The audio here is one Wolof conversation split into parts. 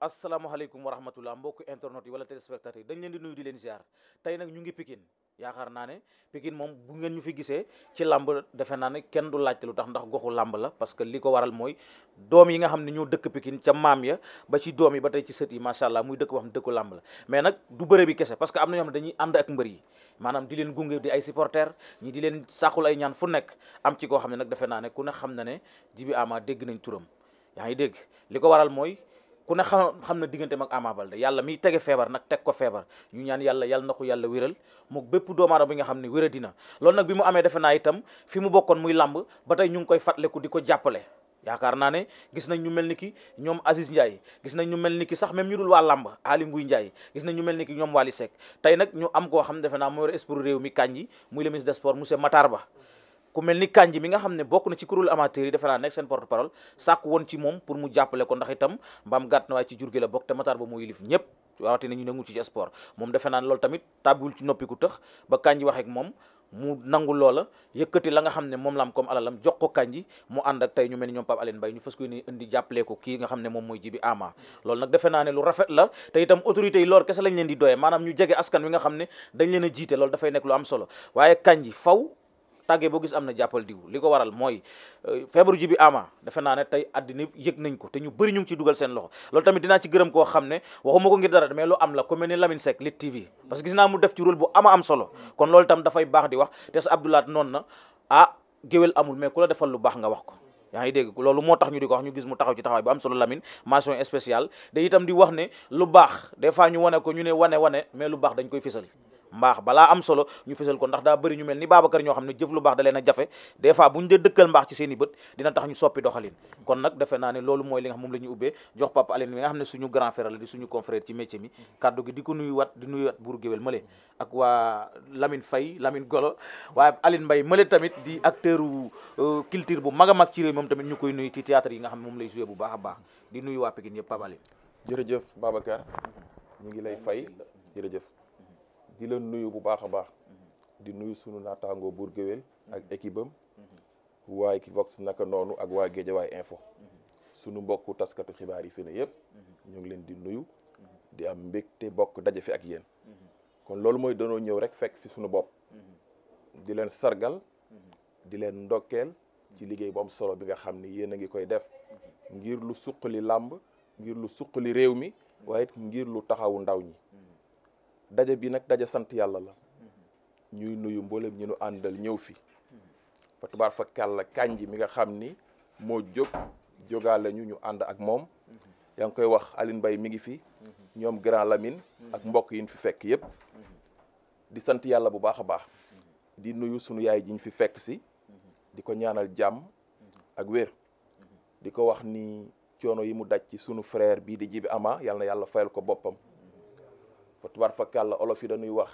asalaamaaleykum wa rahmatullah mbokk internet yi wala téléspectateurs yi dañ leen di nuyu di leen ziar tey nag ñu ngi Pikine yaakaar naa ne Pikine moom bu ngeen ñu fi gisee ci làmb defe naa ne kenn du laajte lu tax ndax goxu làmb la parce que li ko waral mooy doom yi nga xam ne ñoo dëkk Pikine ca maam ya ba ci doom yi ba tey ci sët yi macha allah muy dëkk boo xam ne dëkku mais nag du bëre kese parce que am na ñoo xam ne dañuy ànd ak mbër yi maanaam di leen gunge di ay supporter ñi di leen sàqul ay ñaan fu nekk am ci koo xam ne nag defe naa ne ku ne xam na ne Djiby Ama dégg nañ turam yaa ngi dégg li ko waral mooy ku ne xam xam na digganteem ak Ama Baldé yàlla miy tege feebar nag teg ko feebar ñu ñaan yàlla yàlla na ko yàlla wéral mu bépp doomu aadama bi nga xam ne wéra dina lool nag bi mu amee defe naa itam fi mu bokkoon muy làmb ba tey ñu ngi koy fàttaliku di ko jàppale yaakaar naa ne gis nañ ñu mel ni ki ñoom Aziz Ndiaye gis nañ ñu mel ni ki sax même ñu dul waa làmb Ali Nguy Ndiaye gis nañ ñu mel ni ki ñoom Wally Seck tey nag ñu am koo xam defe naa moo yor esprit mi kañ yi muy le ministre des sports Matar Ba ku mel ni kanj mi nga xam ne bokk na ci kuréelu amateur yi defe naa nekk seen porte parole sàkk woon ci moom pour mu na waaye la bokk te Matar Ba mu yilif ñëpp rawatina ñu nangu ci sport moom defe naa loolu tamit tàbbiwul ci noppi ku tëx ba Kandji waxeek moom mu la nga xam ne moom la am comme alalam jox ko Kandji mu ànd ak tey ñu mel ni ñoom Pape Alioune Mbaye ñu fas kii nga xam ne moom mooy Djiby Ama loolu nag ne lu rafet la te lool kese lañ leen di doyee maanaam ñu jege askan wi nga xam ne a jiite loolu dafay nekk lu am solo waaye Kandji faw tàggee boo gis am na jàppal diw li ko waral mooy euh, feebaru ji bi ama defe naa ne tey àddina yëg nañ ko te ñu bari ñu ngi ci dugal seen loxo loolu tamit dinaa ci gërëm koo xam ne waxuma ko ngir dara mais lu am la ku mel ni Lamine Seck Lit TV parce que gis naa am solo kon loolu tam dafay baax di wax te sa Abdoulaat na ah géwél amul mais ku la defal lu baax nga wax ko yaa ngi ko loolu moo tax ñu di ko wax ñu gis mu taxaw ci taxawaay bu am solo Lamine mention spéciale da itam di wax ne lu baax des fois ñu wane ko ñu ne wane wane mais lu baax dañ koy fésal mbaax balaa am solo ñu fësal ko ndax daa bari ñu mel ni Babacar ñoo xam ne jëf lu baax da leen a jafe des fois bu ñu dee dëkkal mbaax ci seen i bët dina tax ñu soppi doxalin kon nag defe naa ne loolu mooy li nga xam moom la ñu ubbee jox Papa Aline mi nga xam di suñu confrère ci métier mi kaddu gi di ko nuyu wat di nuyu wat buur géwél mële ak waa Lamine Faye Lamine Golo waaye Aline tamit di acteur euh, culture bu mag a mag ci réew moom tamit ñu koy nuyu ci théâtre yi nga xam ne moom lay joué bu baax a baax di nuyu waa Pikine yëpp Papa Aline jërëjëf Babacar ñu ngi lay fay jërëjëf di leen nuyu bu baax a baax di nuyu sunu naataangoo buur géwél ak équipe waaye ki Equivox naka noonu ak waa Géejawaay info sunu mbokku taskatu xibaar yi fi na yëpp ñoo ngi leen di nuyu di am te bokk daja fi ak yéen kon loolu mooy danoo ñëw rek fekk fi sunu bopp di leen sargal di leen ndokkeel ci liggéey boobu solo bi nga xam ni yéen a ngi koy def ngir lu suqali làmb ngir lu suqali réew mi waaye ngir lu taxawu ndaw ñi daje bi nag daje sant yàlla la ñuy nuyu mboolem ñu nu àndal ñëw fi fa tubaar fa kàll kànji mi nga xam ni moo jóg jógaale ñu ñu ànd ak moom yaa ngi koy wax Aline Mbaye mi ngi fi ñoom Grand Lamine ak mbokk yi ñu fi fekk yëpp di sant yàlla bu baax a baax di nuyu sunu yaay ji fi fekk si di ko ñaanal jàmm ak wér di ko wax ni coono yi mu daj ci sunu frère bii di Djiby Ama yàlla yàlla fayal ko boppam tubaar fa yàlla olof yi dañuy wax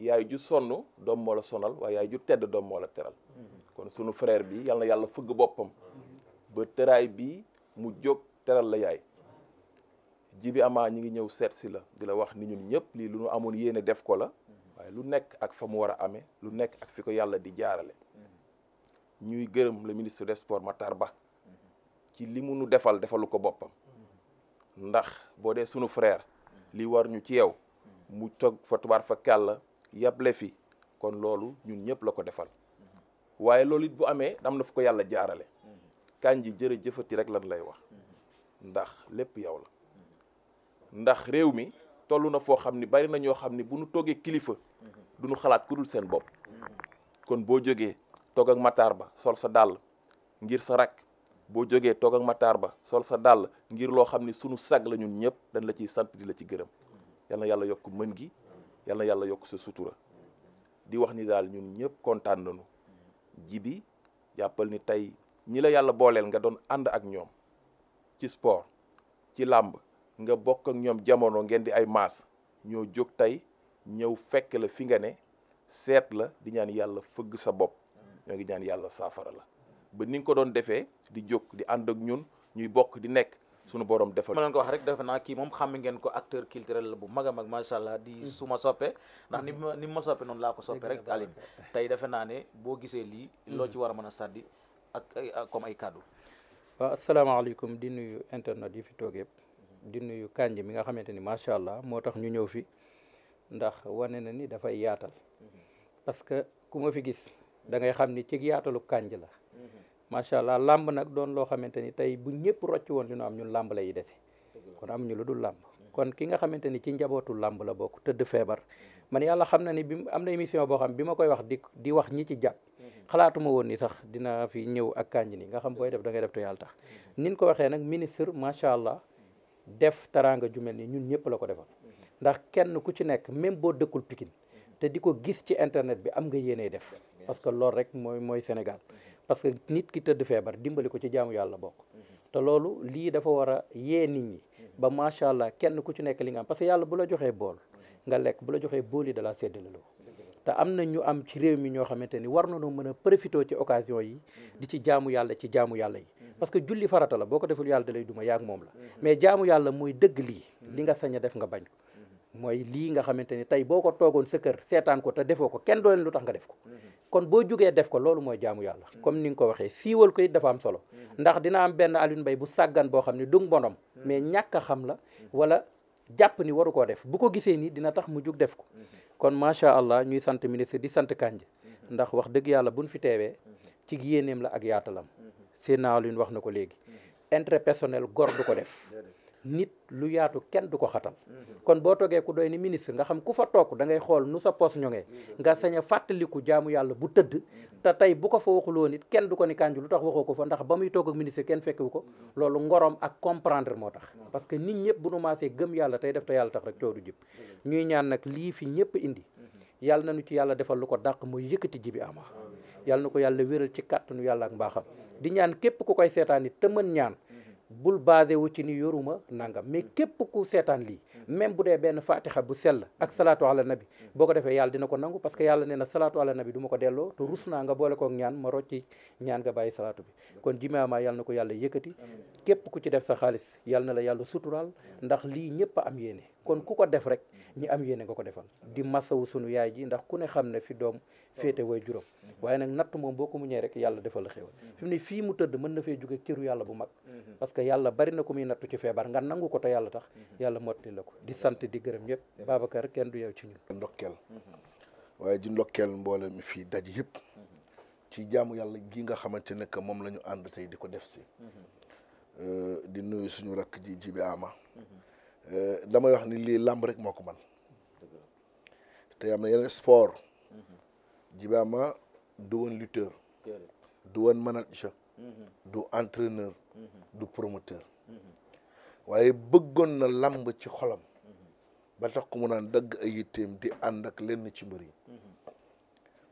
yaay ju sonn doom moo la sonal waaye yaay ju tedd doom moo la teral mm-hmm. kon sunu frère bi yàlla yàlla fëgg boppam mm-hmm. ba tëraay bi mu jóg teral la yaay ji bi amaa ñi ngi ñëw seet si la di la wax ni ñun ñëpp lii lu nu amoon yéene def ko la mm-hmm. waaye lu nekk ak fa mu war a amee lu nekk ak fi ko yàlla di jaarale ñuy gërëm le ministre des ma tar Ba ci li mu nu defal defalu ko boppam ndax boo dee sunu frère li war ñu ci yow mu toog fa tubaar fa kàlla yable fi kon loolu ñun ñëpp la ko defal waaye loolu it bu amee am na fu ko yàlla jaarale kànji Kandji jërëjëfati rek lan lay wax ndax lépp yow la ndax réew mi toll na foo xam ni bari na ñoo xam ni bu nu toogee kilifa du ñu xalaat ku dul seen bopp kon boo jógee toog ak mataar ba sol sa dàll ngir sa rakk boo jógee toog ak mataar ba sol sa dàll ngir loo xam ni sunu sag la ñun ñëpp dañ la ciy sant di la ci gërëm yal na yàlla yokk mën gi yal na yàlla yokk sa sutura di wax ni daal ñun ñëpp kontaan nañu ji bi jàppal ni tey ñi la yàlla booleel nga doon ànd ak ñoom ci sport ci làmb nga bokk ak ñoom jamono ngeen di ay maas ñoo jóg tey ñëw fekk la fi nga ne seet la di ñaan yàlla fëgg sa bopp ñoo ngi ñaan yàlla saafara la ba ni nga ko doon defee di jóg di ànd ak ñun ñuy bokk di nekk sunu borom defal ma ko wax rek defe naa kii moom xàmme ngeen ko acteur culturel bu mag a mag macha allah di mm. su ma soppe ndax ni ma ni ma soppe noonu laa ko soppe rek Aline tey defe naa ne boo gisee lii mm. loo ci war a mën a sàddi ak comme ay kàddu waaw asalaamaaleykum di nuyu internet yi fi toog yëpp di nuyu kànj mi nga xamante ni macha allah moo tax ñu ñëw fi ndax wane na ni dafay yaatal mm-hmm. parce que ku ma fi gis da ngay xam ni ci yaatalu kànj la macha allah làmb nag doon loo xamante ni tey bu ñëpp rocc woon li am ñun làmb lay defe kon am ñu lu dul làmb kon ki nga xamante ni ci njabootu làmb la bokk tëdd feebar man yàlla xam na ni bi am na émission boo xam bi ma koy wax di di wax ñi ci jàpp xalaatuma woon ni sax dina fi ñëw ak kànji ni nga xam booy def da ngay def te yàlla tax nin ko waxee nag ministre macha allah def taraanga ju mel ni ñun ñëpp la ko defal ndax kenn ku ci nekk même boo dëkkul pikin te di ko gis ci internet bi am nga yéenee def parce que loolu rek mooy mooy Sénégal parce que nit ki tëdd feebar dimbali ko ci jaamu yàlla bokk mhm. te loolu lii dafa war a yee nit ñi mhm. ba macha allah kenn ku ci nekk li nga am parce que yàlla bu la joxee bool mhm. nga lekk bu la joxee bool yi dalaa séddaleloo te am na ñu am ci réew mi ñoo xamante ni war nañoo mën a profité ci occasion yi di ci jaamu yàlla ci jaamu yàlla yi parce que julli farata la boo ko deful yàlla dalay duma yàgg moom la mais jaamu yàlla mooy dëgg lii li nga sañ a def nga bañ mooy lii nga xamante ni tey boo ko toogoon sa kër seetaan ko te defoo ko kenn doo leen lu tax nga ko kon boo jugee def ko loolu mooy jaamu yàlla mm. comme ni nga ko waxee siiwal ko it dafa am solo mm. ndax dina am benn Alioune Mbaye bu sàggan boo xam ne dung bonom mm. mais ñàkk a xam la wala jàpp ni waru koo def bu ko gisee nii dina tax mu jug def ko mm-hmm. kon macha allah ñuy sant ministre di sant Kandji mm-hmm. ndax wax dëgg yàlla buñ fi teewee mm-hmm. ci yéeneem la ak yaatalam seen naa Alioune wax na ko léegi intérêt personnel gor du ko def nit lu yaatu kenn du ko xatal mm-hmm. kon boo toogee ku doy ni ministre nga xam ku fa toog da ngay xool nu sa poos ñoŋee mm-hmm. nga sañ a fàttaliku jaamu yàlla bu tëdd mm-hmm. te tey bu ko fa waxuloo nit kenn du ko ni kànju lu tax waxoo ko fa ndax ba muy toog ak ministre kenn fekkewu ko loolu ngorom ak comprendre moo tax parce que nit ñëpp bu nu maasee gëm yàlla tey def te yàlla tax rek coodu jëpp ñuy ñaan nag lii fi ñëpp indi yàlla na nu ci yàlla defal lu ko dàq mooy yëkkati jibi ama yàlla na ko yàlla wéral ci kàttanu yàlla ak mbaaxam di ñaan képp ku koy seetaan it te mën ñaan bul basé wu ci ni yoruma nangam mais képp ku seetaan lii même bu dee benn fatiha bu sell ak salaatu ala nabi boo ko defee yàlla dina ko nangu parce que yàlla ne na salaatu ala nabi ma ko delloo te rus naa nga boole kook ñaan ma rocci ñaan nga bàyyi salaatu bi kon jimeama yàlla na ko yàlla yëkkati képp ku ci def sa xaalis yàlla na la yàlla suturaal ndax lii ñëpp a am yéene kon ku ko def rek ñi am yéene nga ko defal di wu sunu yaay ji ndax ku ne xam ne fi doom féete way juróom waaye nag natt moom boo ko mu muñee rek yàlla defal la xéwal fi mu ne fii mu tëdd mën na fee jóge cëru yàlla bu mag mhm. parce que yàlla bari na ko muy nattu ci feebar nga nangu ko te yàlla tax mhm. yàlla motti la ko di sant di gërëm ñëpp Babacar kenn du yow ci ñun ndokkeel mhm. waaye di ndokkeel mboole mi fii daj yëpp ci jaamu yàlla gi nga xamante ne que moom la ñu ànd tey di ko def si euh, di nuyu suñu rakk ji jibi ama euh, damay wax ni lii làmb rek moo ko man te Djiba Ama du woon lutteur du woon manager mhm. du entraîneur mhm. du promoteur mhm. waaye bëggoon na lamb ci xolam ba tax ku mu naan dagg ay yitteem di ànd ak lenn ci mbër yi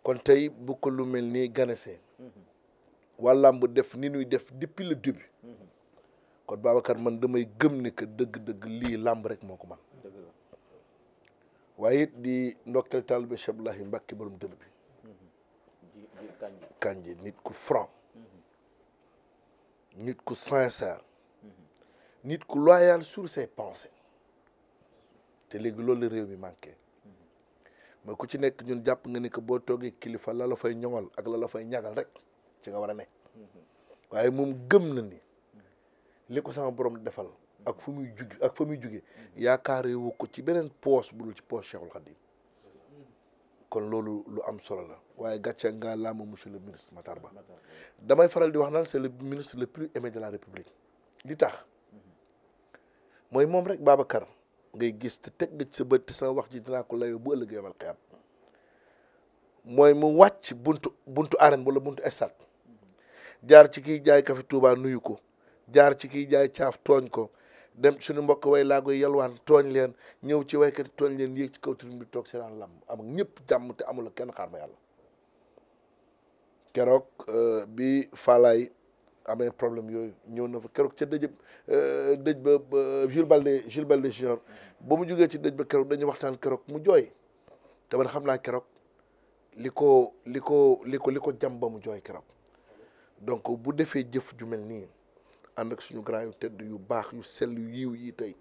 kon tey bu ko lu mel ni ganesee waa làmb def ni nuy def depuis le début kon Babacar man damay gëm ne que dëgg-dëgg lii lamb rek moo ko man waaye it di ndokkeel taal bi Cheikh Ibrahim Mbacke borom dël bi Kandji nit ku franc mm-hmm. nit ku sincère mm-hmm. nit ku loyal sur ses pensées te léegi loolu réew mi manqué ma mm-hmm. ku ci nekk ñun jàpp nga ni que boo toogee kilifa la la fay ñoŋal ak la la fay ñagal rek ci nga war a nekk waaye moom gëm na ni li ko sama borom defal ak fu muy jug ak fa muy jugee yaakaaree wu ci beneen poche bu dul ci poche Cheikhul Khadim kon loolu lu am solo la waaye gàcce nga laama monsieur le ministre Matar Ba damay faral di wax naan c'est le ministre le plus aimé de la république li tax mooy moom rek Babacar ngay gis te teg nga ci sa bët te sa wax ji dinaa ko layoo bu ëllëgee wal xiyam mooy mu wàcc buntu buntu arène wala buntu estade jaar ci kiy jaay kafe tuubaa nuyu ko jaar ci kiy jaay caaf tooñ ko dem suñu mbokk way laa koy yalwaan tooñ leen ñëw ci waykat tooñ leen yéeg ci kaw tribune bi toog seetaan làmb am ak ñëpp jàmm te amul kenn xaar ma yàlla keroog euh, bi Faalaay amee problème yooyu ñëw na fa keroog ca dëj euh, dëj ba Jules Balde Jules Balde Junior ba mu jógee ci dëj ba keroog dañu waxtaan keroog mu jooy te man xam naa keroog li ko li ko li ko li ko jam ba mu jooy keroog donc bu defee jëf ju nii ànd ak suñu grand yu yu baax yu sell yiw yi tey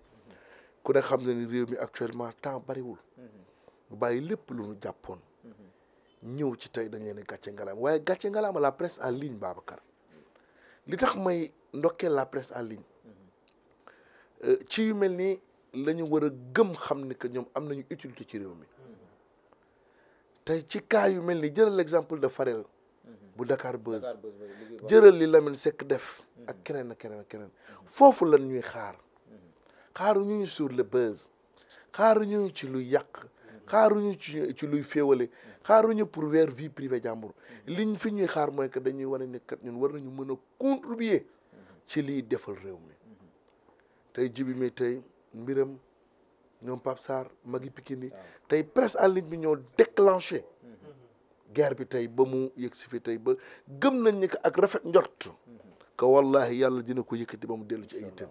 ku ne xam na ni réew mi actuellement temps bariwul mhm. ñu bàyyi lépp lu ñu jàppoon mhm. ñëw ci tey dañ leen gàcce ngalaama waaye gàcce ngalaama la presse en ligne li tax may ndokkeel la presse en mhm. euh, ci yu mel nii la war a gëm xam ni que ñoom am nañu utilité ci réew mi tey ci cas yu mel nii jëral exemple de Farel bu Dakar Buzz jëral li Lamine Seck def ak keneen ak keneen foofu lan ñuy xaar xaaruñu sur le buzz xaaruñu ci luy yàq xaaruñu ci ci luy féewale xaaruñu pour weer vie privée jàmbur liñ fi ñuy xaar mooy que dañuy wane ne kat ñun war nañu mën a contribuer ci liy defal réew mi tey jibi mi tey mbiram ñoom Pape Sarr magi Pikini tey presse en ligne bi ñoo déclenché guerre bi tey ba mu yëg si fi tey ba gëm nañ ni que ak rafet njort que wallahi yàlla dina ko yëkkati ba mu dellu ci ay itam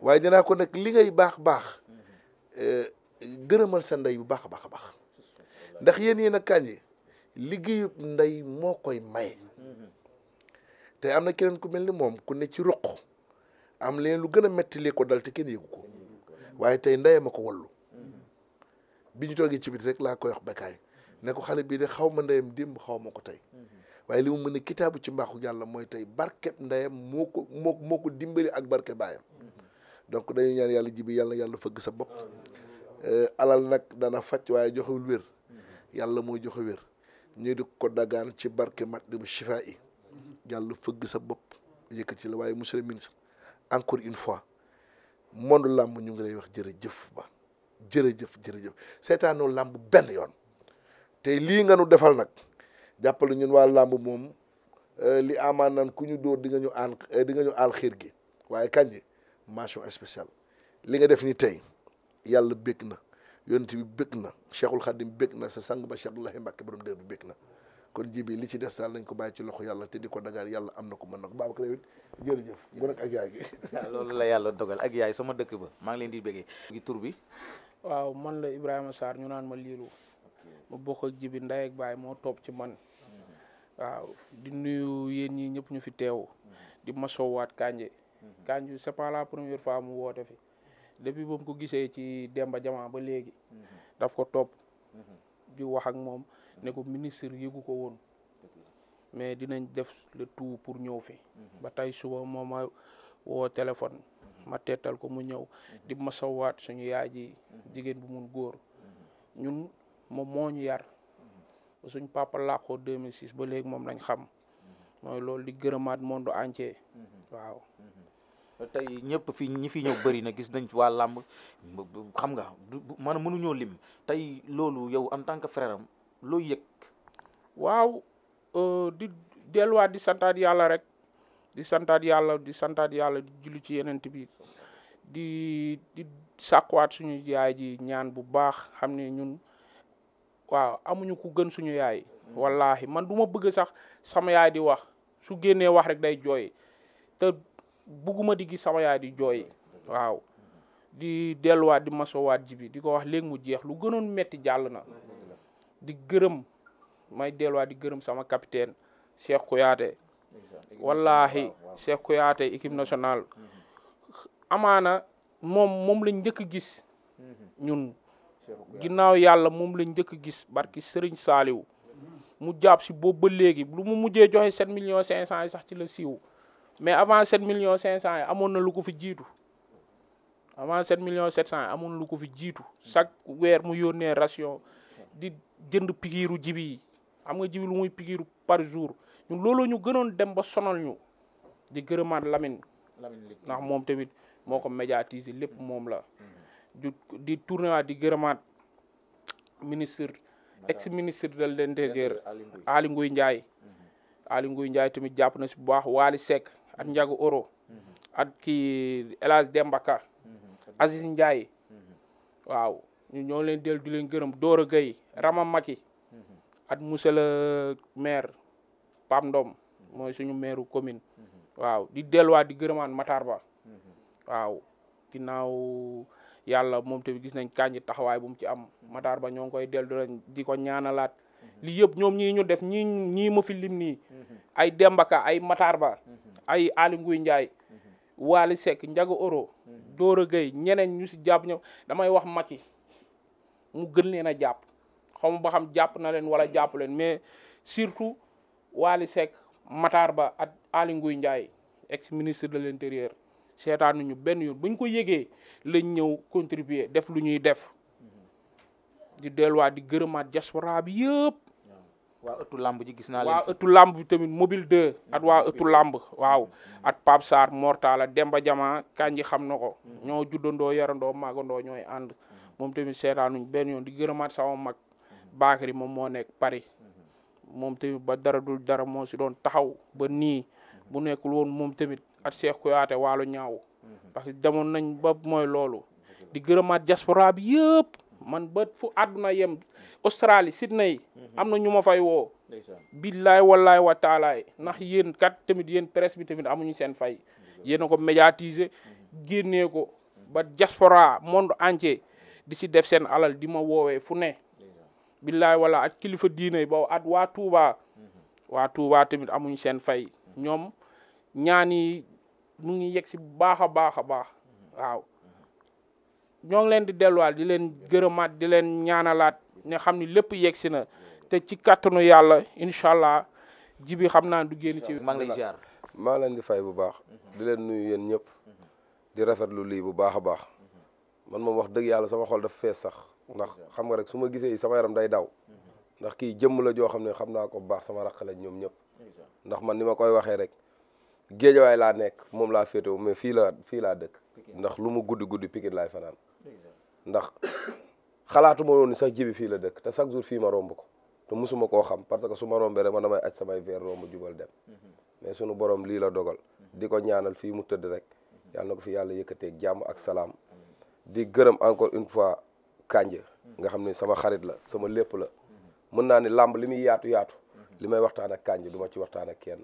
waaye dinaa ko nag li ngay baax baax eh, gërëmal sa ndey bu baax a baax a baax ndax yéen yéen a kàññi liggéeyub ndey moo koy maye te am na keneen ku mel ni moom ku ne ci ruq am leen lu gën a metti li ko dal te kenn yëgu ko waaye tey ndeyam a ko wallu bi ñu toogee ci biit rek laa koy wax bakaay ne ko xale bii de xaw ma ndeyam démb xaw ma ko tey waaye li mu mën a kitaabu ci mbaaxu yàlla mooy tey barkeb ndeyam moo ko moo moo ko dimbali ak barke donc dañu ñaan yàlla ji yàlla yàlla fëgg sa bopp euh, alal nag dana faj waaye joxewul wér yàlla mooy joxe wér ñu di ko dagaan ci barke mat di bu chifa yi yàlla fëgg sa bopp yëkkati ci la waaye monsieur encore une fois monde làmb ñu ngi lay wax jërëjëf ba jërëjëf jërëjëf seetaanoo làmb benn yoon te lii nga nu defal nag jàppale ñun waa làmb moom euh, li amaan naan ku ñu dóor di nga ñu aal euh, di nga ñu aal gi waaye Kandji mention spéciale li nga def ni tey yàlla bég na yonent bi bëgg na Cheikhul Khadim bég na sa sang ba la Abdoulahi Mbacke borom dër bi bég na kon ji li ci des daal nañ ko bàyyi ci loxo yàlla te di ko dagaar yàlla am na ko mën na ko Babacar yow jërëjëf bu nag ak yaay gi loolu la yàlla dogal ak yaay sama dëkk ba maa ngi leen di béggee gi tur bi waaw man la Ibrahima Sarr ma bokk ak jibi baay moo topp ci man waaw di nuyu yéen ñi ñëpp ñu fi teewu di masowaat Kandji Kandji c'est pas la première fois mu woote fi depuis ba ko gisee ci Demba Jama ba léegi daf ko topp di wax ak moom ne ko ministre yëgu ko woon mais dinañ def le tout pour ñëw fi ba tey suba moom ma woo téléphone ma teetal ko mu ñëw di masawaat suñu yaay ji jigéen bu mun góor ñu yar suñ papa làqoo 2006 ba léegi moom lañ xam mooy loolu di gërëmaat monde entier waaw. tey ñëpp fi ñi fi ñëw bëri na gis nañ ci waa làmb xam nga maanaam mënuñoo lim tey loolu yow en tant que frère am loo yëg. waaw euh, di delluwaat di santaat yàlla rek di santaat yàlla di santaat ci yeneen bi di di suñu yaay ji ñaan bu baax xam ne ñun. waaw amuñu ku gën suñu yaay wallahi man du ma bëgg sax sama yaay di wax su génnee wax rek day jooy te bugguma di gis sama yaay di jooy waaw di delluwaat di masowaat ji bi di ko wax léegi mu jeex lu gënoon metti jàll na di gërëm may delluwaat di gërëm sama capitaine Cheikh Kouyaté wallahi Cheikh Kouyaté équipe nationale amaana moom moom la njëkk gis mhm. ñun ginnaaw yàlla moom lañ njëkk gis barki Serigne Saliou mu jàpp si boobu ba léegi lu mu mujjee joxe million millions 500 yi sax ci la siiw mais avant 7 millions 500 yi amoon na lu ko fi jiitu avant 7 millions 700 yi amoon na lu ko fi jiitu chaque weer mu yónnee ration di jënd pigiiru jibi am nga jibi lu muy pigiiru par jour ñun looloo ñu gënoon dem ba sonal ñu di gërëmaat Lamine. Lamine ndax moom tamit moo ko médiatiser lépp moom la. Mm. di di di gërëmaat ministre ex ministre de l' intérieur Aly Ngouille Ndiaye mhm. Aly Ngouille Ndiaye tamit jàpp na si bu baax Waly Seck ak Ndiago Oro mhm. ak kii El Hadj Dembaka mhm. Aziz Ndiaye waaw ñu ñëw leen dellu di leen gërëm Dora Gueye Rama Maki at monsieur le maire Pape Ndom mooy suñu maire commune waaw di delluwaat di gërëmaat Matar Ba waaw ginnaaw yàlla moom te gis nañ kànji taxawaay bu mu ci am mataar ba ñoo ngi koy dellu di ko ñaanalaat mhm. lii yëpp ñoom ñii ñu def ñii ñii ma fi lim nii mhm. ay dembaka ay mataar ba mhm. ay Aly Ngouille Ndiaye Waly Seck Ndiaga door a Gueye ñeneen ñu si jàpp ñoom damay wax mati mu gën leen a jàpp xamu baxam jàpp na leen wala jàpp leen mais surtout Waly Seck Matar Ba ak Aly Ngouille Ndiaye ex ministre de l'intérieur seetaanuñu benn yoon buñ ko yëgee lañ ñëw contribuer def lu ñuy def di delluwaat di gërëmaat diaspora bi yëpp. waa ëttu làmb ji gis naa leen. waa làmb bi tamit mobile 2 hmm, at waa ëttu làmb waaw hmm. at Pape Sarr Mortala Demba Jama Kanji xam na ko. Hmm. ñoo juddandoo yarandoo màggandoo ñooy ànd. moom tamit seetaanuñ benn yoon di gërëmaat sama mag. Bakary moom moo nekk pari moom tamit ba dara dul dara moo si doon taxaw ba nii bu nekkul woon moom tamit ak Cheikh Kouyaté waalo ñaaw mhm. parce que demoon nañ ba mooy loolu di gërëmaat diaspora bi yëpp man ba fu àdduna yem Australie Sydney mhm. am na ñu ma fay woo billaay wallaay wa taalaay ndax yéen kat tamit yéen presse bi tamit amuñu seen fay yéen a ko médiatiser mhm. génnee ko ba diaspora monde entier di si def seen alal di ma woowee fu ne billaay wala ak kilifa diine ba at waa Touba tamit amuñu seen fay ñoom ñaani mu ngi yegg si baax a baax a baax waaw ñoo ngi leen di delluwaal di leen gërëmaat di leen ñaanalaat ne xam ni lépp yegg si na te ci kàttanu yàlla incha allah ji bi xam naa du génn ci. maa ngi lay ziar maa leen di fay bu baax. di leen nuyu yéen ñëpp. di rafetlu lii bu baax a baax. man moom wax dëgg yàlla sama xol daf fees sax ndax xam nga rek su ma gisee sama yaram day daw. ndax kii jëmm la joo xam ne xam naa ko bu baax sama raq lañ ñoom ñëpp. ndax man ni ma koy waxee rek. géejawaay laa nekk moom laa féetewoo mais fii laa fii laa dëkk ndax lu mu guddi guddi Pikine laay fanaan ndax xalaatuma woon ni sax jibi fii la dëkk te chaque jour fii ma romb ko te musuma koo xam parce que su ma rombee rek man damay aj samay veer romb jubal dem mhm. mais sunu borom lii la dogal mhm. di ko ñaanal fii mu tëdd rek mhm. yàlla na ko fi yàlla yëkkatee jàmm ak salaam di gërëm encore une fois kànja nga xam ne sama xarit la sama lépp la mën naa ni làmb li muy yaatu yaatu li may waxtaan ak Kanje ci waxtaan kenn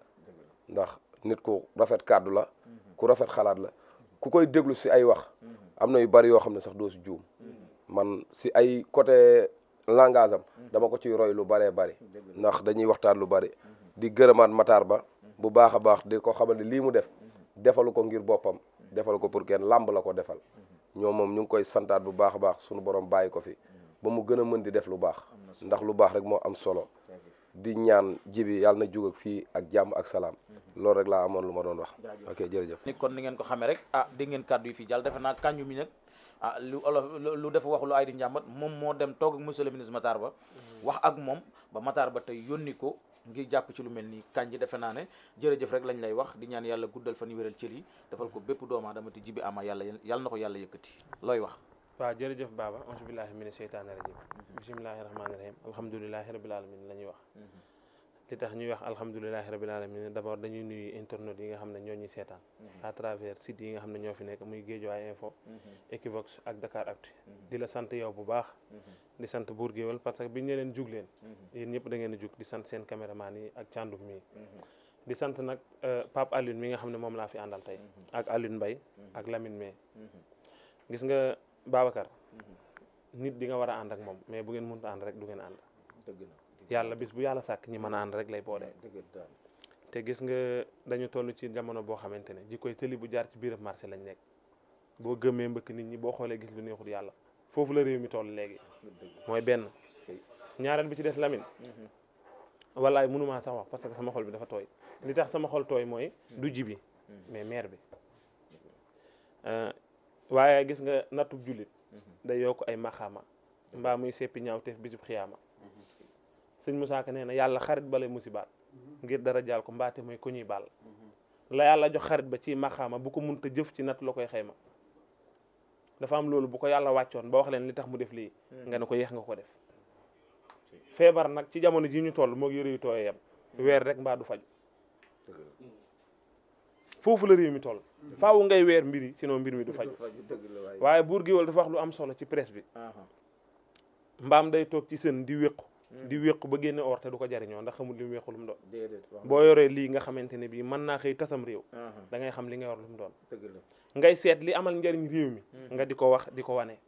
ndax nit ku rafet kàddu la ku rafet xalaat la ku koy déglu si ay wax am na yu bari yoo xam ne sax doo si juum man si ay côté langage dama ko ciy roy lu bëree bari ndax dañuy waxtaan lu bari di gërëmaat mataar Ba bu baax a baax di ko xamal ne lii mu def defalu ko ngir boppam defal ko pour kenn làmb la ko defal ñoom moom ñu ngi koy santaat bu baax a baax suñu borom bàyyi ko fi ba mu gën a mën di def lu baax ndax lu baax rek moo am solo di ñaan jibi yàlla na jóg fii ak jàmm ak salaam loolu rek laa amoon lu ma doon wax ok jërëjëf ni kon ni ngeen ko xamee rek ah di ngeen kàddu yi fii jàll defe naa kànju mi nag ah lu olof lu dafa wax lu ay di njàmbat moom moo dem toog ak monsieur le ministre Ba mhm. wax ak moom ba Matar Ba te yónni ko ngir jàpp ci lu mel nii kànji defe naa ne jërëjëf rek lañu lay wax di ñaan yàlla guddal fan wéral cër yi defal ko bépp doomu dama te jibi ama yàlla yàlla na ko yàlla yëkkati looy wax waaw jërëjëf baaba ansu billahi mina seytaani rajim bisimilahi rahmaani rahim alhamdulilahi rabil alamin la ñuy wax mm-hmm. li tax ñuy wax alhamdulilahi rabil alamin d' abord dañuy nuyu internautes yi nga xam ne ñoo ñuy seetaan mm-hmm. à travers sites yi nga xam ne ñoo fi nekk muy Géejawaay info mm-hmm. Equivox ak Dakar Actu di la sant yow bu baax di sant buur géwél parce que bi ñu jug leen yéen ñëpp da ngeen jug di sant seen caméraman yi ak càndum mii di sant nag euh, Pape Alioune mi nga xam ne moom laa fi àndal tey ak Alioune Mbaye ak Lamine Babacar mhm. nit di nga war a ànd ak moom mais bu ngeen mënut ànd rek du ngeen ànd. dëgg la yàlla bis bu yàlla sàkk ñi mën a ànd rek lay boole. Mm, te gis nga dañu toll ci jamono boo xamante ne jikkoy tëli bu jaar ci biir marché lañ nekk boo gëmee mbëkk nit ñi boo xoolee gis lu neexul yàlla foofu la réew mi toll léegi. mooy benn ñaareel bi ci des lamin mhm. wallaay mënumaa sax wax parce que sama xol bi dafa tooy. li tax sama xol tooy mooy. Mm. du ji bi mm. mais maire bi. waaye gis nga nattub jullit mhm. day yokk ay maxaama mbaa muy seppi ñaawteef bisub xiyaama mhm. sëñ Moussa nee na yàlla xarit ba lay musibaat mhm. ngir dara jaal ko mbaate mooy ko ñuy baal la yàlla jox xarit ba ciy maxaama bu ko munta jëf ci natt la koy xayma dafa am loolu bu ko yàlla wàccoon ba wax leen li tax mu def lii nga ne ko yeex nga ko def feebar nag ci jamono ji ñu toll moo yëre yu tooyee yam weer rek mbaa du faj foofu la réew mi toll faaw ngay weer mbir yi sinon mbir mi du faj waaye buur géwél dafa wax lu am solo ci presse bi mbaam day toog ci sën di wéqu di wéqu ba génne or te du ko jariñoo ndax xamul li wéqu lu mu doon boo yoree lii nga xamante ne bii mën naa xëy tasam réew da xam li nga yor lu mu doon ngay seet li amal njariñ réew mi nga di ko wax di ko wane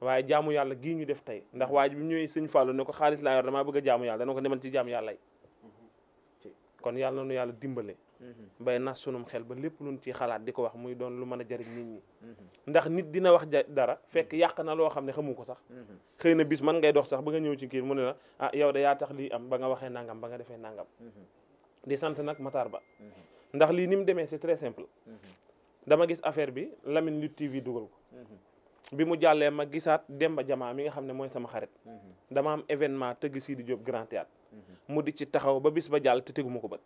waaye jaamu yàlla gii ñu def tey ndax waa ji bi ñëwee sëñ Fallou ne ko xaalis laa yor damaa bëgg a yàlla dana ko demal ci jaamu yàlla yi yàlla na Mm-hmm. bay nas sunum xel ba lépp loonu ci xalaat di ko wax muy doon lu mën a jariñ nit ñi mm-hmm. ndax nit dina wax ja dara fekk mm-hmm. yàq na loo xam ne xamu ko sax xëy na bis man ngay dox sax ba nga ñëw ci kii mu ne na ah yow de yaa tax lii am ba nga waxee nangam ba nga defee nangam di sant nag Matar Ba ndax lii ni mu demee c'est très simple dama gis affaire bi Lamine Lutte TV dugal ko bi mu jàllee ma gisaat Demba Jamaa mi nga xam ne mooy sama xarit dama am événement tëgg Sidi Diop Grand Théâtre mu di ci taxaw ba bis ba jàll te teguma ko bët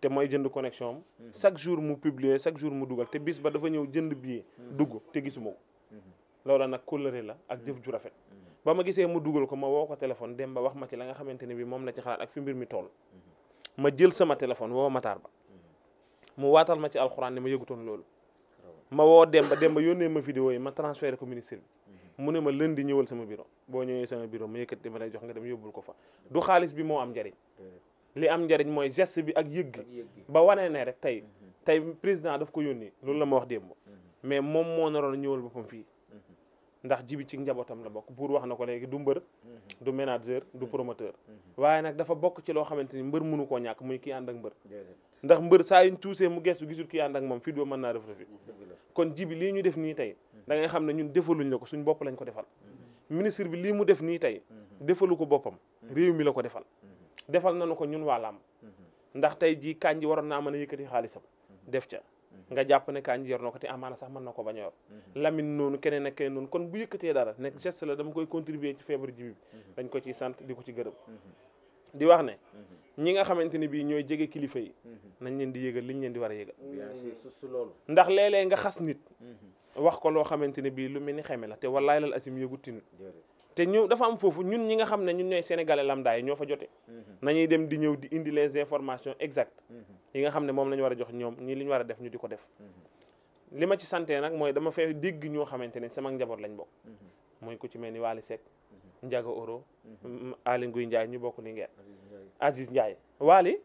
te mooy jënd connexion am mhm. chaque jour mu publier chaque jour mu dugal te bis ba dafa ñëw jënd bii mhm. dugg te gisuma ko mhm. loola nag kóllëre la ak jëf ju rafet ba ma gisee mu dugal ko ma woo ko téléphone dem ba wax ma ci la nga xamante ne bi moom la ci xalaat ak fi mbir mi toll ma jël sama téléphone woo Matar Ba mu waatal ma ci alxuraan ne ma yëgutoon loolu ma woo dem ba yónnee ma vidéo yi ma transféré ko ministre mu ne ma lëndi ñëwal sama biro boo ñëwee sama bureau ma ma lay jox nga dem yóbbul ko fa du xaalis bi moo am njariñ li am njariñ mooy geste bi ak yëg ba wanee ne rek tey mhm. tey président daf ko yónni loolu la ma wax démb mhm. mais moom moo naroon ñëwal boppam fii mhm. ndax jibi ci njabootam la bokk pour wax na ko léegi du mbër du manager du promoteur waaye nag dafa bokk ci loo xamante ni mbër munu koo ñàkk muy kii ànd ak mbër ndax mbër saa yuñ tuusee mu gestu gisul kii ànd ak moom fii doo mën naa ref refi kon jibi lii ñu def nii tey dangay xam ne ñun defaluñ la ko suñ bopp lañ ko defal ministre bi lii mu def nii tey defalu ko boppam réew mi la ko defal defal nañu ko ñun waa ndax tey jii Kandji waroon naa mën a yëkkati xaalisam def ca nga jàpp ne Kandji yor na ko te amaana sax mën na ko bañ a yor noonu keneen ak keneen noonu kon bu yëkkatee dara nekk geste la dama koy contribuer ci feebar ji bi dañ ko ciy sant di ko ci gërëm di wax ne ñi nga xamante ni bii ñooy jege kilifa yi nañ leen di yëgal liñ leen di war a yëgal ndax léeg-léeg nga xas nit mhm. wax ko loo xamante ne bii lu mel ni xeme la te wallaay lal asim yëguti te ñu dafa am foofu ñun ñi nga xam ne ñun ñooy sénégalais lambda yi ñoo fa jote mhm. nañuy dem di ñëw di indi les informations exactes mhm. yi nga xam ne moom la ñu war a jox ñoom ñii li ñu war a def ñu di ko def mhm. li ma ci santee nag mooy dama fee dégg ñoo xamante ne sama njaboot lañ bokk mooy ku ci mel ni Waly Seck Ndiaga Oro Aly Ngouille ñu bokk Linguère Aziz Ndiaye Waly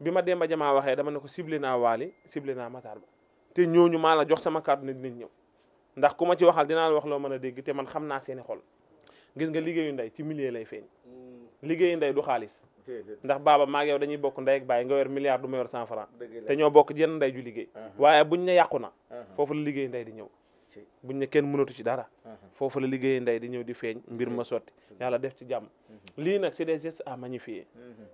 bi ma Demba Jamaa waxee dama ne ko ciblé naa Waly ciblé naa Matar Ba te ñooñu maa la jox sama kàddu ne dinañ ñëw ndax ku ma ci waxal dinaa la wax loo mën a dégg te man xam naa seeni xol gis nga liggéeyu ndey ci millier lay feeñ mm. liggéeyu ndey du xaalis ndax baaba maag yow dañuy bokk ndey ak bàyyi nga weer milliard du ma yor cent franc te ñoo bokk jenn ndey ju liggéey waaye buñ ne yàqu na foofu la liggéeyu ndey di ñëw buñ ne kenn mënatu ci dara foofu la liggéeyu ndey di ñëw di feeñ mbir ma sotti yàlla def ci jàmm lii nag c'est des gestes à magnifier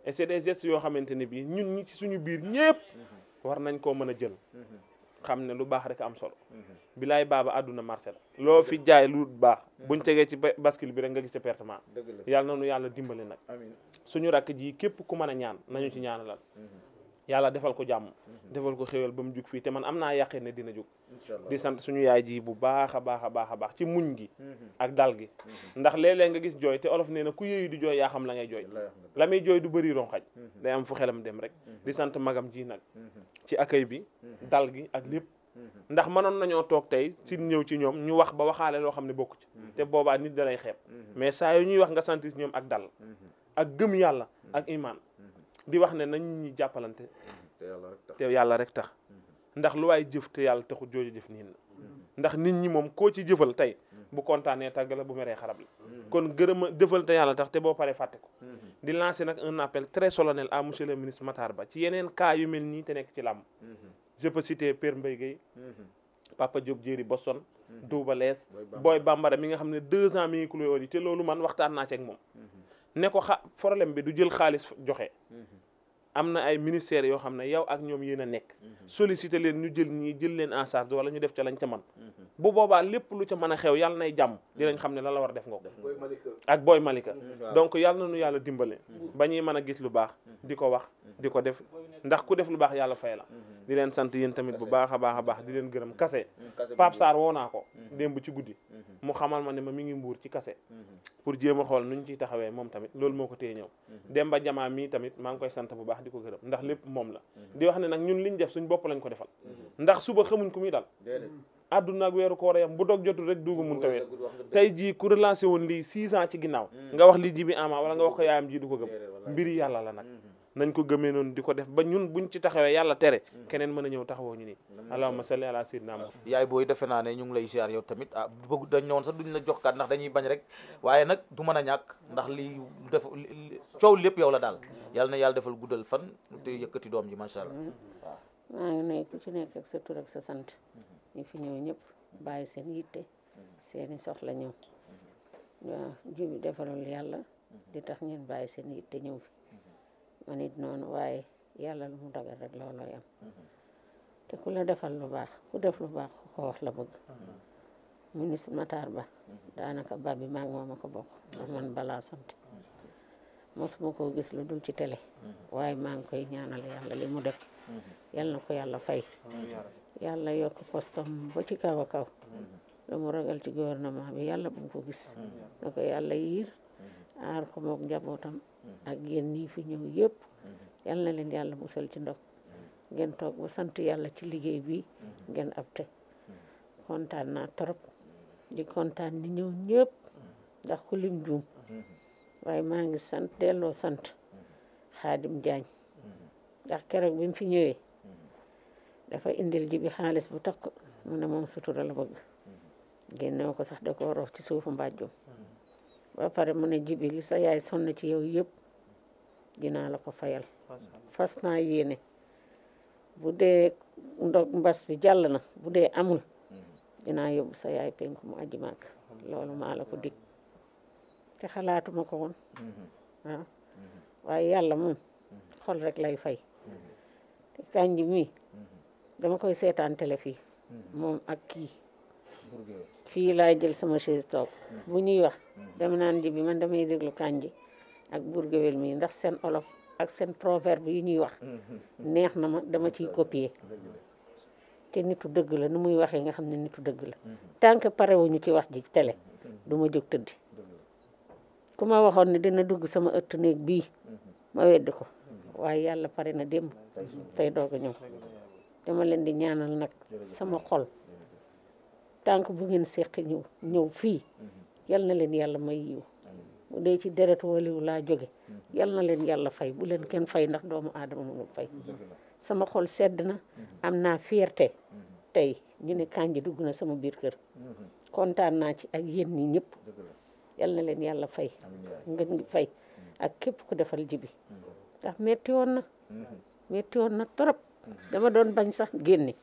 et c'est des gestes yoo xamante ne bii ñun ci suñu biir ñëpp war nañ koo mën a jël xam ne lu baax rek am solo. Mm-hmm. bilaay baaba àdduna marché la. loo fi jaay lu baax. bu mm-hmm. buñ tegee ci baskil bi rek nga gis ci pertement. dëgg la yàlla na nu yàlla dimbali nag. amiin suñu rakk ji képp ku mën a ñaan nañu ci ñaanalal. Mm-hmm. yàlla defal ko jàmm mhm. defal ko xéwal ba mu jug fii te man am naa yàqee ne dina jug di sant suñu yaay ji bu baax a baax a baax a baax ci muñ gi mhm. ak dal gi mhm. ndax léeg-léeg nga gis jooy te olof nee na ku yéeyu di jooy yaa xam la ngay jooy la muy jooy du bëri ronxaj day am fu xelam dem rek di sant magam ji nag ci accueil bi dal gi ak lépp ndax mënoon nañoo toog tey si ñëw ci ñoom ñu wax ba waxaale loo xam ne bokku ci te boobaa nit da lay xeeb mais saa yu ñuy wax nga sant ñoom ak dal yàlla di wax ne nañ ñi jàppalante te yàlla rek tax ndax lu waaye jëf te yàlla taxu jooju jëf niin ndax nit ñi moom koo ci jëfal tey bu kontaanee tàgg la bu meree xarab la kon gërëma jëfal te yàlla tax te boo paree fàtte ko di lancer nag un appel très solennel à monsieur le ministre Matar Ba ci yeneen cas yu mel nii te nekk ci làmb je peux citer Père Mbaye Gueye Papa Diop Jéeri Boston Douba Lees Boy Bambara mi nga xam ne deux ans mi ngi ku lay te loolu man waxtaan naa moom mhm. ne ko xa problème bi du jël xaalis joxe mhm. am na ay ministères yoo xam ne yow ak ñoom yéen a nekk mhm. sollicité leen ñu jël ñii jël leen en charge wala ñu def ca lañ ca man mhm. bu boobaa lépp lu ca mën a xew yàlla nay jàmm dinañ xam ne la la war def nga ko ak Boy Malika mhm. donc yàlla nañu yàlla dimbale ba ñuy mën a gis lu baax di ko wax di ko def ndax ku def lu baax yàlla fay la di leen sant yéen tamit bu baax a baax a baax di leen gërëm kase Pape Sarr woo naa ko démb ci guddi mu xamal ma ne ma mi ngi mbuur ci kase mhm. pour jéem a xool nu ñu ciy taxawee moom tamit loolu moo ko téye ñëw mhm. Demba Jamaa mii tamit maa ngi koy sant bu baax di ko gërëm ndax lépp moom la mhm. di wax ne nag ñun liñ def suñ bopp lañ ko defal ndax suba xamuñ ku muy dal àdduna weeru koor yam bu doog jotul rek duugu mun tawee tey jii ku relancé woon lii six ans ci ginnaaw mm. nga wax li ji bi ama wala nga wax ko yaayam ji du ko gëm mbiri yàlla la nag mm. nañ ko gëmee noonu di ko def ba ñun bu buñ ci taxawee yàlla tere keneen mën a ñëw taxawoo ñu nii allahumma salli ala sayyidina Muhammad yaay booy defe naa ne ñu ngi lay ziar yow tamit ah bëgg dañ ne woon sax duñ la jox kaat ndax dañuy bañ rek waaye nag du a ñàkk ndax li def coow lépp yow la daal yàlla na yàlla defal guddal fan te yëkkati doom ji macha allah mm-hmm. maa ngi nuyu ku ci nekk ak sa tur ak sa sant mm-hmm. ñu fi ñëw ñëpp bàyyi seen yitte mm-hmm. seeni soxla ñëw waaw jibi defarul yàlla di tax ngeen bàyyi seen yitte ñëw fi man it noonu waaye yàlla lu mu dogal rek loolooy am te ku la defal lu baax ku def lu baax ku ko wax la bëgg ministre Matar Ba daanaka ba bi maag moom a ko bokk ndax man balaa sant mosuma koo gis lu dul ci tele waaye maa ngi koy ñaanal yàlla li mu def yàlla na ko yàlla fay yàlla yokk postam ba ci kaw a kaw lu mu ragal ci gouvernement bi bu mu ko gis yiir aar ko mook njabootam ak yéen ñi fi ñëw yépp yal na leen yàlla musal ci ndox ngeen toog ba sant yàlla ci liggéey bi ngeen abte kontaan naa trop di kontaan ni ñëw ñépp ndax ku lim juum waaye maa ngi sant delloo sant xaadim jaañ ndax keroog bi fi ñëwee dafa indil jibi xaalis bu takk mu ne moom sutura la bëgg génnew ko sax de ko roof ci suuf mbàjjum ba pare mu ne jibi sa yaay sonn ci yow yëpp dinaa la ko fayal fas naa yéene bu dee ndox mbas bi jàll na bu dee amul mm-hmm. dinaa yóbbu sa yaay penku mu aji loolu maa la ko dig te xalaatuma ko woon mm-hmm. Ah. Mm-hmm. waaye yàlla moom xol rek lay fay te kànji dama koy seetaan télé fii moom ak kii fii laay jël sama chaise toog bu ñuy wax dama naan ji bi man damay déglu kànji ak buur géwél mii ndax seen olof ak seen proverbe yi ñuy wax mm-hmm. neex na ma dama ciy copier te nitu dëgg la nu muy waxee nga xam ne nitu dëgg la mm-hmm. tant que ñu ci wax ji tele mm-hmm. duma ma jóg tëdd ku ma waxoon ne dina dugg sama ëtt néeg bii ma weddi ko waaye yàlla pare na démb tey doog a ñëw dama leen di ñaanal nag sama xol tànk bu ngeen seq ñëw ñëw fii yal na leen yàlla may yiw bu dee ci deret waliw laa jóge mhm. yal na leen yàlla fay bu leen kenn fay ndax doomu aadama mënul fay mhm. sama xol sedd na mhm. am naa fierté tey ñu ne Kandji dugg na sama biir kër kontaan naa ci ak yéen ñëpp yal na leen yàlla fay ngeen fay ak képp ku defal jibi ndax metti woon na metti woon na trop dama doon bañ sax génne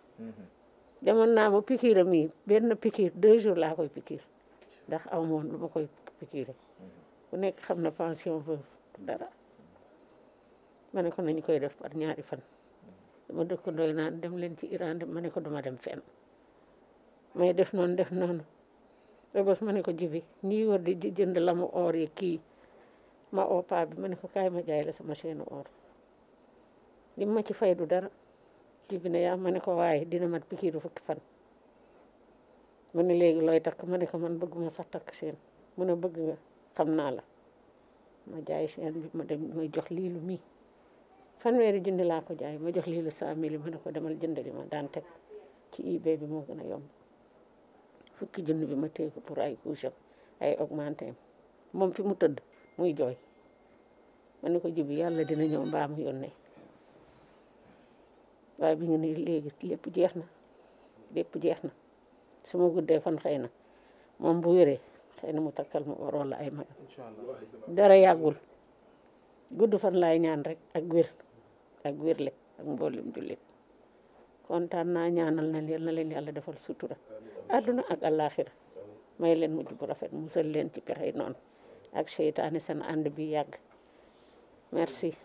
demoon naa ba pikiiram yi benn pikiir deux jours laa koy pikir ndax aw moon lu ma koy pikiire ku nekk xam na pension veuve dara ma ne ko nañu koy def par ñaari fan ma dëkk ndoy naan dem leen ci Iran dem ma ne ko duma dem fen may def noonu def noonu ma ne ko jibi ñii war di jënd la mu or yi kii ma oo bi ma ne ko kaay ma jaay la sama chaîne or li ma ci fay du dara jibi ne yaa ma ne ko waaye dina mat pikiiru fukki fan mu ne léegi looy takk ma ne ko man bëgguma sax takk chaîne mu ne bëgg nga xam naa la ma jaay chaîne bi ma dem may jox liilu mi fanweeri junni laa ko jaay ma jox liilu cent mille ma ne ko demal jëndali ma daan teg ci eBay bi moo gën a yomb fukki junni bi ma téye ko pour ay couche ay augmenté moom fi mu tëdd muy jooy ma ne ko jibi yàlla dina ñëw mbaa mu yónnee waaye bi nga ne léegi lépp jeex na lépp jeex na su ma guddee fan xëy na moom bu wéree xëy mu takkal mu rool la ay magam dara yàggul gudd fan laay ñaan rek ak wér ak wérle ak mboolem jullit kontaan naa na leen na leen yàlla defal sutura àdduna ak àllaaxira may leen mujj bu rafet musal leen ci pexey noonu ak seytaane seen ànd bi yàgg merci